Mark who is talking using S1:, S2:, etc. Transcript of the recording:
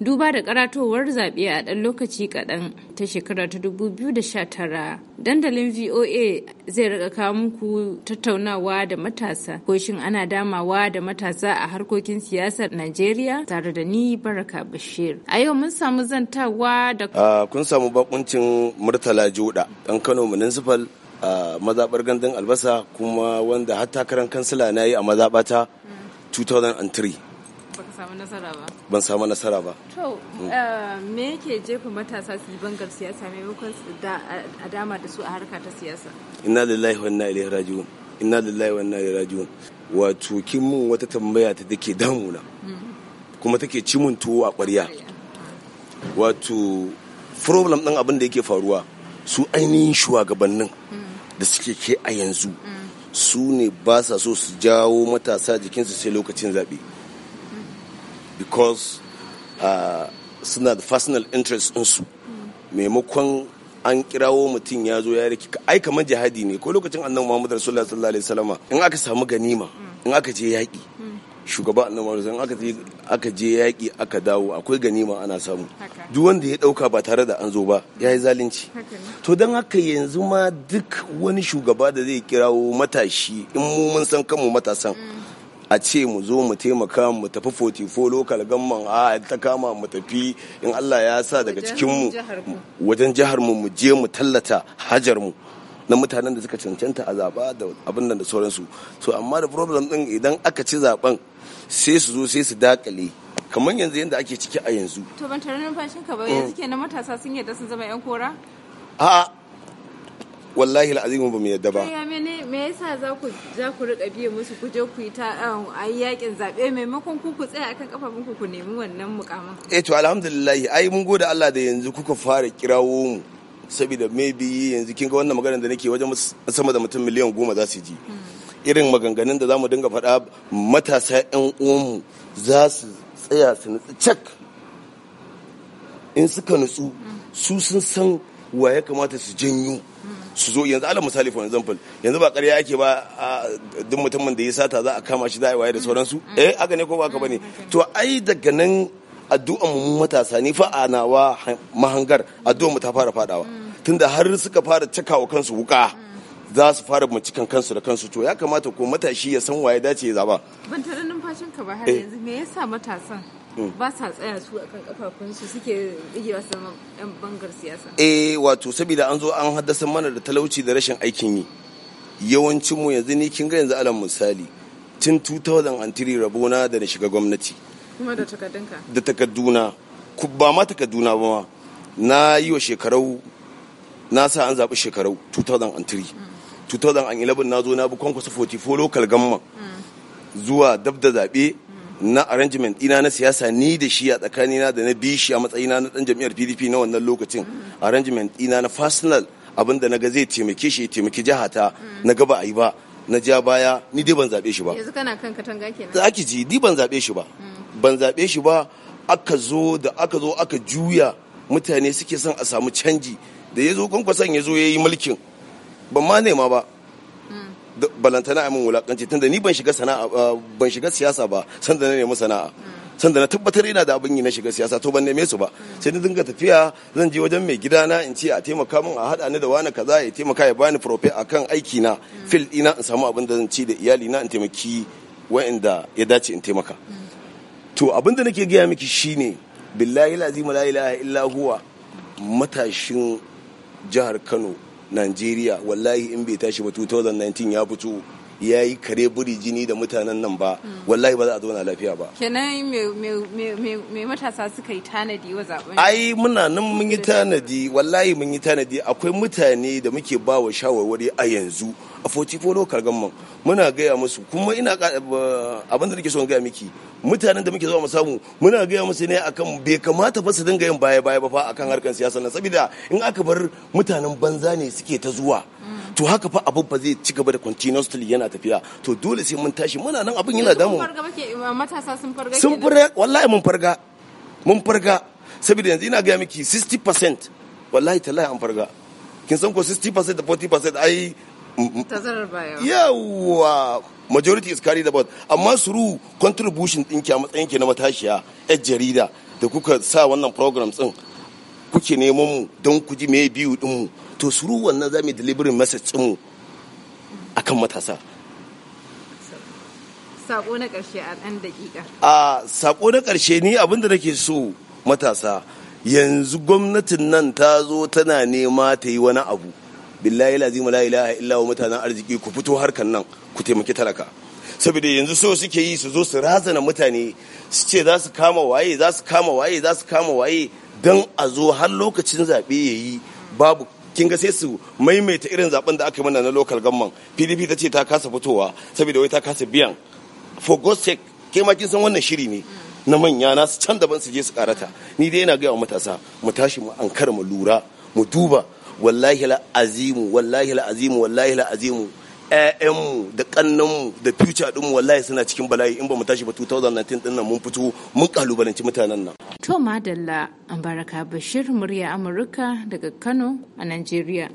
S1: duba da karatowar zaɓe a ɗan lokaci kaɗan ta shekara ta 2019 dandalin voa zai rika kawo muku tattaunawa da matasa ko shin ana damawa da matasa a harkokin siyasar najeriya tare da ni baraka bashir a yau mun samu zantawa da kun samu bakuncin murtala joda ɗan kano municipal a mazaɓar gandun albasa kuma wanda har takarar kansila na yi a mazaɓata 2003 mm. ban samu nasara ba to mm. eh, me yake jefa matasa su yi bangar siyasa maimakon a dama da su a harka ta siyasa inna lillahi wa inna ilaihi raji'un inna lillahi wa inna ilaihi raji'un wato kin mun wata tambaya ta take damuna mm-hmm. kuma take ci mun tuwo a ƙwarya wato problem ɗin abin da yake faruwa su ainihin shugabannin mm. da suke ke a yanzu mm. su ne ba sa so su jawo matasa jikinsu sai lokacin zaɓe because uh, suna da personal interest su maimakon an kirawo mutum ya zo ya riki ai kamar jihadi ne ko lokacin annabi Muhammad Rasulullah sallallahu alaihi wasallama in aka samu ganima in aka je yaƙi shugaba annabi Muhammad in aka je aka je yaƙi aka dawo akwai ganima ana samu duk wanda ya dauka ba tare da an zo ba ya yi zalunci to dan haka yanzu ma duk wani shugaba da zai kirawo matashi in mu mun san kanmu matasan a ce mu zo mu taimaka mu tafi 44 lokal gamman a ta kama mu tafi in Allah ya sa daga cikin mu wajen jihar mu mu je mu tallata hajar mu na mutanen da suka cancanta a zaba da abin da sauransu so amma da problem din idan aka ci zaben sai su zo sai su dakale kamar yanzu yadda ake ciki a yanzu to ban tare numfashin ka ba mm. yanzu kenan matasa sun yadda sun zama yan kora a'a wallahi al'azim ba mu yadda ba ya mene me yasa za ku za ku rika biye musu ku je ku yi ta um, ayi yakin zabe eh, maimakon ku ku tsaya akan kafafun ku ku nemi wannan mukamin eh to alhamdulillah ai mun gode Allah da yanzu kuka fara kirawo mu saboda maybe yanzu kinga wannan maganar da nake wajen sama da mutum miliyan goma za su ji hmm. irin maganganun da za mu dinga faɗa matasa 'yan uwanmu za su tsaya su nutsu cak in suka nutsu hmm. su sun san wa ya kamata su janyo hmm. su zo yanzu alal misali for example yanzu ba karya ake ba duk mutumin da ya sata za a kama shi za a waye da sauransu mm. eh haka ne ko ba haka bane to ai daga nan addu'an mu matasa ne fa a nawa mahangar addu'an mu ta fara fadawa mm. tunda har suka fara cakawa kansu wuka mm. za su fara binciken kansu da kansu to ya kamata ko matashi ya san waye dace ya zaba ban tare numfashin ka ba har eh. yanzu me yasa matasan ba sa tsaya su akan kafafunsu suke rige wasu yan bangar siyasa eh wato saboda an zo an haddasa mana da talauci da rashin aikin yi yawancin mu yanzu ni kin ga yanzu alam misali tun 2003 rabona da na shiga gwamnati kuma da takaddunka da takadduna ba ma takadduna ba ma na yi wa shekarau na sa an zaɓi shekarau 2003 2011 mm. na zo na bi kwankwasa 44 local gamma zuwa dab da zaɓe na arrangement dina na siyasa ni da shi a tsakanina da na bi shi a matsayina na dan jam'iyyar PDP na wannan lokacin arrangement ina na personal abinda na ga zai taimake shi ya taimaki jihata na ga ba ba na ja baya ni dai ban zabe shi ba yanzu kana kan katanga kenan za ki ji di ban zabe shi ba hmm. ban zabe shi ba aka zo da aka zo aka juya mutane suke son a samu canji da ya zo kwankwason ya zo ya yi mulkin ban ma nema ba balantana a min wulakanci tunda ni ban shiga sana'a ah, ban shiga siyasa ba sanda na nemi sana'a sanda na tabbatar ina da abin yi na shiga siyasa to ban neme su ba sai na dinga tafiya zan je wajen mai gidana in ce a taimaka min a haɗa ni da wani kaza ya taimaka ya bani profit akan aiki na fil ina in samu abin da zan ci da iyali na in taimaki waanda ya dace in taimaka to abin da nake gaya miki shine billahi lazima la ilaha illa huwa matashin jihar Kano Najeriya wallahi in bai tashi ba 2019 ya fito ya yi kare buri jini da mutanen nan ba wallahi ba za a zauna lafiya ba kenan me matasa suka yi tanadi wa zaben ai muna nan mun yi tanadi wallahi mun yi tanadi akwai mutane da muke ba wa shawarwari a yanzu a 44 local government muna gaya musu kuma ina eh, abin da nake son gaya miki mutanen da muke zuwa mu samu muna gaya musu ne akan bai kamata ba su dinga yin baya baya ba fa akan harkar siyasa nan saboda in aka bar mutanen banza ne suke ta zuwa to haka fa abin fa zai ci gaba da continuously yana tafiya to dole sai mun tashi muna nan abin yana damu matasa sun farga sun farga wallahi mun farga mun farga saboda yanzu ina ga miki 60% wallahi tallahi an farga kin san ko 60% da 40% ai mm, mm. tazarar baya yawa majority is carried about amma suru contribution ɗinki a matsayin ki na matashiya yar jarida da kuka sa wannan programs din kuke neman mu don ku ji me biyu din mu to suru wannan mu delivery message din mu akan matasa sako na karshe a ɗan dakika a sako na karshe ni abin da nake so matasa yanzu gwamnatin nan ta zo tana nema ta yi wani abu billahi lazima la ilaha illa wa mutanen arziki ku fito harkan nan ku taimaki talaka saboda yanzu so suke yi su zo su razana mutane su ce za su kama waye za su kama waye za su kama waye don a zo har lokacin zaɓe ya yi babu kin ga sai su maimaita irin zaɓen da aka yi mana na local gamman pdp ta ce ta kasa fitowa saboda wai ta kasa biyan for god's sake ke ma kin san wannan shiri ne na manya na su can daban su je su karata ni dai yana gaya wa matasa mu tashi mu ankara mu lura mu duba wallahi la azimu wallahi la azimu wallahi la azimu ƴaƴanmu da ƙannanmu da future ɗin wallahi suna cikin bala'i in ba mu tashi ba 2019 ɗin nan mun fito mun kalubalanci mutanen nan. To Madalla, Baraka Bashir, murya Amurka daga Kano a Najeriya.